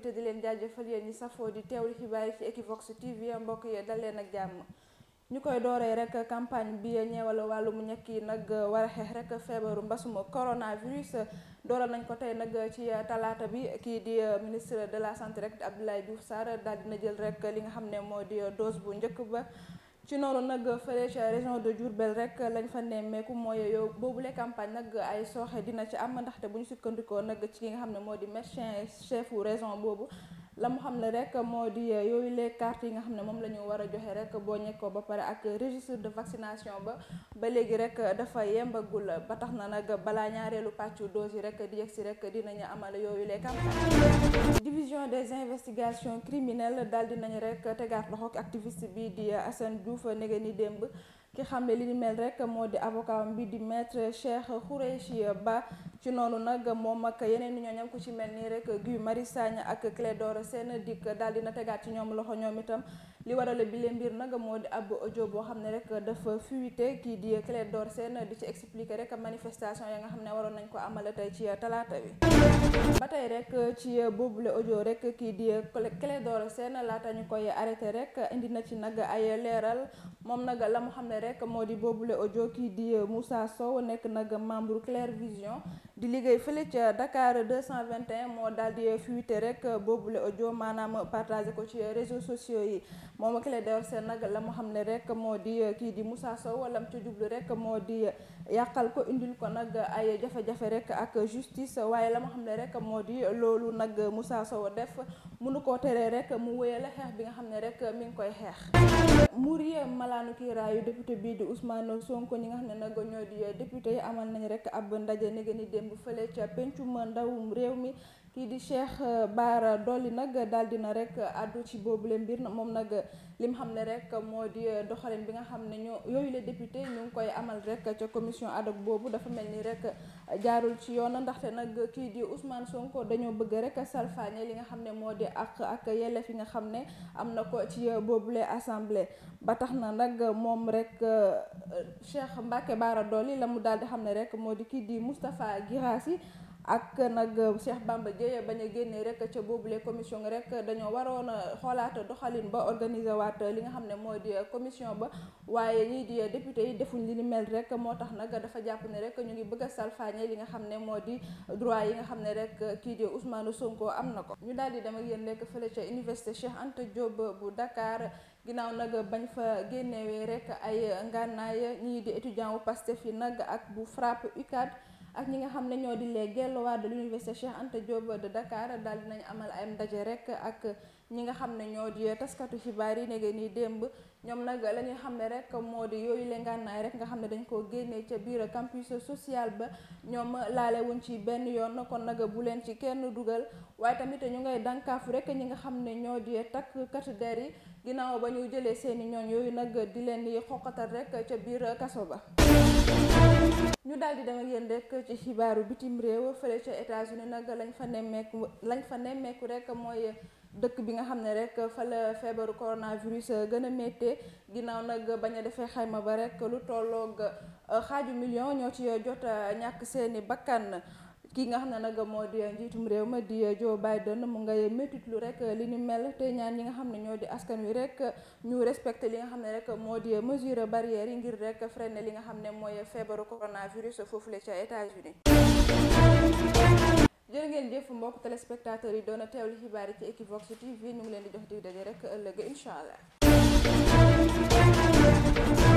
tamit di leen jaajëfal yéen ñi safoo di teewlu xibaar yi ci Equivox TV mbokk yee dal leen ak jàmm ñu koy dooree rek campagne bi ñeewal wàllu mu ñekk yi nag war a xeex rek feebaru mbasum coronavirus dooral nañ ko tey nag ci talaata bi kii di euh, ministre de la santé rek Abdoulaye Diouf Sarr daal dina jël rek li nga xam ne moo di euh, dose bu njëkk ba ci noonu nag fële ca région de Diourbel rek lañu fa nemmeeku mooy yow boobule campagne nag ay sooxe dina ci am ndaxte bu ñu sukkandikoo nag ci li nga xam ne moo di médecin chef wu région boobu la mu xam ne rek moo di eh, yooyu les cartes yi nga xam ne moom la ñu war a joxe rek boo ñekkoo ba pare ak registre de vaccination ba ba léegi rek dafa yembagul ba tax na nag balaa ñaareelu pàccu dose yi rek di yegsi rek dinañu amal yooyu les campagnes division des investigations criminelles daal dinañu rek tegaat loxoog activiste bi di eh, Assane Diouf nege ni démb ki xam ne li ni mel rek moo di avocat bi di maître Cheikh Khoureyssi Ba ci noonu nag moom ak yeneen ñooñam ku ci mel nii rek Guy Marius Sagna ak door seen dikk daal dina tegaat ci ñoom loxo ñoom itam li warale bi leen mbir nag moo di ab ojo boo xam ne rek dafa fuité kii di door seen di ci expliquer rek manifestation ya nga xam ne waroon nañ ko amale tey ci talaata bi ba tey rek ci boobule audio rek kii di Clédor Sène laata ñu koy arrêté rek indi na ci nag ay leeral rek moo di boobule audio kii di euh, Moussa Sow nekk nag membre Clair Vision di liggéey fële ca Dakar 221 moo daal di euh, fuité rek boobule audio maanaam partagé ko ci réseau sociaux yi moom ak Clédor Sène nag la mu xam ne rek moo di euh, kii di Moussa Sow lam ca jublu rek moo di yàqal ko indil ko nag ay jafe-jafe rek ak justice waaye la mu xam ne rek moo di loolu nag Moussa Sow def munu koo teree rek mu wéyale xeex bi nga xam ne rek mi ngi koy xeex. député bii di Ousmane Sonko ñi nga xam ne nag ñoo di député yi amal nañ rek ab ndaje ni gën a démb fële ca pencu ma ndawum réew mi kii di Cheikh euh, baara Dolly nag daal na rek àddu ci boobu boobule mbir moom nag li mu xam ne rek moo di euh, doxalin bi nga xam ne ñoo yooyu la député ñu ngi koy amal rek ca commission ad boobu dafa mel nii rek jaarul ci yoon ndaxte nag kii di Ousmane Sonko dañoo bëgg rek salfaañe li nga xam ne moo di àq ak yelleef yi nga xam ne am na ko ci euh, boobu la assemblée ba tax na nag moom rek Cheikh Mbacke Bara Dolly la mu daal di xam ne rek moo di kii di Moustapha Guirassy ak nag Cheikh Bamba Dièye bañ a génnee rek ca boobule commission rek dañoo waroon a xoolaat doxalin ba organiser waat li nga xam ne moo di commission ba waaye ñii di député yi defuñ li ni mel rek moo tax nag dafa jàpp ne rek ñu ngi bëgg a salfaañe li nga xam ne moo di droit yi nga xam ne rek kii di Ousmane Sonko am na ko. ñu daal di dem ak yéen rek fële ca université Cheikh Anta Diop bu dakaar ginnaaw nag bañ fa génnewee rek ay ngànnaay ñii di étudiant wu Pastef yi nag ak bu frappe UCAD ak ñi nga xam ne ñoo di les waat de l'université Cheikh Anta Diop de Dakar daal dinañ amal ay ndaje rek ak ñi nga xam ne ñoo di taskatu xibaar yi nege nii démb ñoom nag la xam ne rek moo di yooyu le ngànnaay rek nga xam ne dañ koo génnee ca biir campus social ba ñoom laale wuñ ci benn yoon kon nag bu leen ci kenn dugal waaye tamit ñu ngay dankaafu rek ñi nga xam ne ñoo di takkat der yi ginnaaw ba ñu jëlee seeni ñooñ yooyu nag di leen di xoqatal rek ca biir kaso ba ñu daal di dem ak yéen rek ci xibaaru bitim réew fële ca États-Unis nag lañ fa nemmeeku lañ fa nemmeeku rek mooy dëkk bi nga xam ne rek fa la feebaru coronavirus gën a méttee ginnaaw nag bañ a defee xayma ba rek lu tolloog euh, xaaju million ñoo ci jot ñàkk seeni bakkan ki nga xam ne nag moo di njiitum réew ma di Joe Biden mu ngay métitlu rek li ni mel te ñaan ñi nga xam ne ñoo di askan wi rek ñu respecté li nga xam ne rek moo di mesure barrière yi ngir rek freiner li nga xam ne mooy feebaru coronavirus foofu la ca États-Unis jërë ngeen jëf mbokk téléspectateurs yi doon a teewlu xibaar yi ci Equivox TV ñu ngi leen di jox dig daje rek ëllëg incha allah.